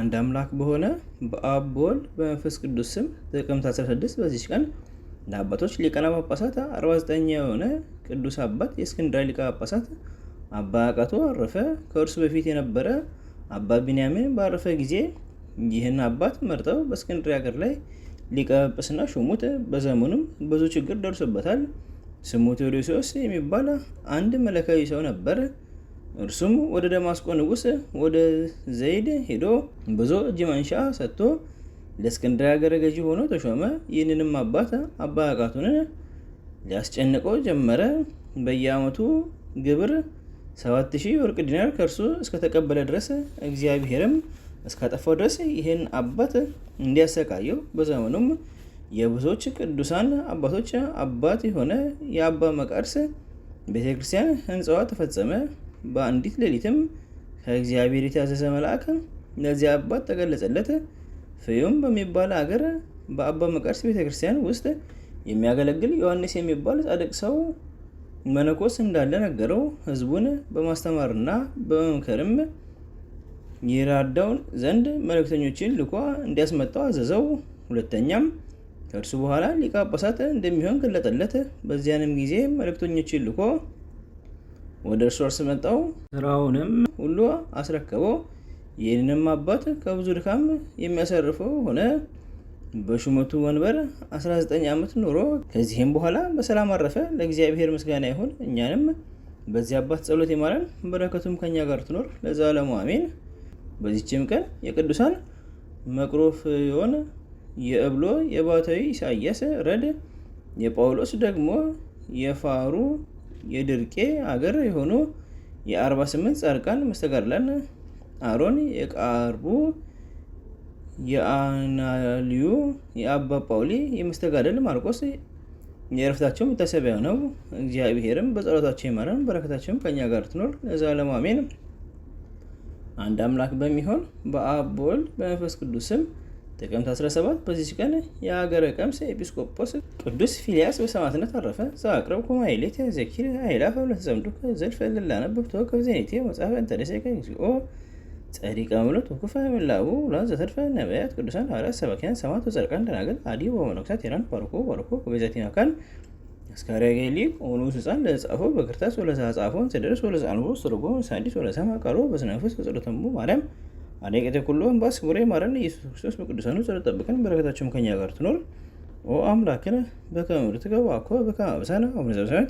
አንድ አምላክ በሆነ በአብ በወልድ በመንፈስ ቅዱስ ስም ጥቅምት 16 በዚች ቀን ለአባቶች ሊቃነ ጳጳሳት 49 የሆነ ቅዱስ አባት የእስክንድርያ ሊቀ ጳጳሳት አባ አቃቶ አረፈ። ከእርሱ በፊት የነበረ አባ ቢንያሚን ባረፈ ጊዜ ይህን አባት መርጠው በእስክንድርያ ሀገር ላይ ሊቀ ጵጵስና ሾሙት። በዘመኑም ብዙ ችግር ደርሶበታል። ስሙ ቴዎዶሲዎስ የሚባል አንድ መለካዊ ሰው ነበር። እርሱም ወደ ደማስቆ ንጉስ ወደ ዘይድ ሄዶ ብዙ እጅ መንሻ ሰጥቶ ለእስክንድርያ አገረ ገዢ ሆኖ ተሾመ። ይህንንም አባት አባ ሕቃቱንን ሊያስጨንቀው ጀመረ። በየአመቱ ግብር ሰባት ሺህ ወርቅ ዲናር ከእርሱ እስከተቀበለ ድረስ እግዚአብሔርም እስካጠፋው ድረስ ይህን አባት እንዲያሰቃየው በዘመኑም የብዙዎች ቅዱሳን አባቶች አባት የሆነ የአባ መቃርስ ቤተክርስቲያን ህንፃዋ ተፈጸመ። በአንዲት ሌሊትም ከእግዚአብሔር የታዘዘ መልአክ ለዚያ አባት ተገለጸለት። ፍዩም በሚባል አገር በአባ መቀርስ ቤተ ክርስቲያን ውስጥ የሚያገለግል ዮሐንስ የሚባል ጻድቅ ሰው መነኮስ እንዳለ ነገረው። ህዝቡን በማስተማርና በመምከርም ይራዳው ዘንድ መልእክተኞችን ልኳ እንዲያስመጣው አዘዘው። ሁለተኛም ከእርሱ በኋላ ሊቀ ጳጳሳት እንደሚሆን ገለጠለት። በዚያንም ጊዜ መልእክተኞችን ልኮ ወደ እርሱ አስመጣው፣ ስራውንም ሁሉ አስረከበው። ይህንንም አባት ከብዙ ድካም የሚያሰርፈው ሆነ። በሹመቱ ወንበር 19 ዓመት ኖሮ ከዚህም በኋላ በሰላም አረፈ። ለእግዚአብሔር ምስጋና ይሁን፣ እኛንም በዚህ አባት ጸሎት ይማረን፣ በረከቱም ከኛ ጋር ትኖር ለዘላለሙ አሜን። በዚችም ቀን የቅዱሳን መቅሮፍዮን፣ የእብሎ፣ የባሕታዊ ኢሳያስ ረድ፣ የጳውሎስ ደግሞ የፋሩ የድርቄ አገር የሆኑ የ48 ጻድቃን መስተጋድላን አሮን የቃርቡ የአናልዩ የአባ ጳውሊ የመስተጋደል ማርቆስ የእረፍታቸው መታሰቢያ ነው። እግዚአብሔርም በጸሎታቸው ይማረን፣ በረከታቸውም ከኛ ጋር ትኖር ለዘላለሙ አሜን። አንድ አምላክ በሚሆን በአብ በመንፈስ ቅዱስ ስም ጥቅምት 17 በዚች ቀን የሀገረ ቀምስ ኤጲስቆጶስ ቅዱስ ፊልያስ በሰማዕትነት አረፈ። ዘአቅረብ ኩማ ዘኪር ዘኪር አይላፈ ዘምዱ ዘልፈ ልላነ ብብቶ ከብዘኔቴ መጽሐፈ እንተደሴቀ እግዚኦ ጸዲቀ ምሎት ወኩፈ ምላቡ ላን ዘተድፈ ነቢያት ቅዱሳን ሐዋርያት ሰባኪያን ሰማዕት ወጻድቃን ደናግል አዲ ወመነኮሳት ሄራን ባርኮ ባርኮ ከቤዛቲ መካን አስካሪያ ገሊ ሆኑ ስጻን ለጻፎ በክርታስ ወለዛ ጻፎን ስደርስ ወለዛ አንቦ ስርጎ ሳዲስ ወለሰማ ቃሎ በስነፍስ ጸሎተሙ ማርያም አደቂተ ኩሎ እምባስ ክቡሬ ማረን ኢየሱስ ክርስቶስ በቅዱሳኑ ጸሎት ጠብቀን በረከታቸው ከኛ ጋር ትኖር ኦ አምላክነ በከመ ምድር ትገቡ አኮ በከመ አበሳነ አቡነ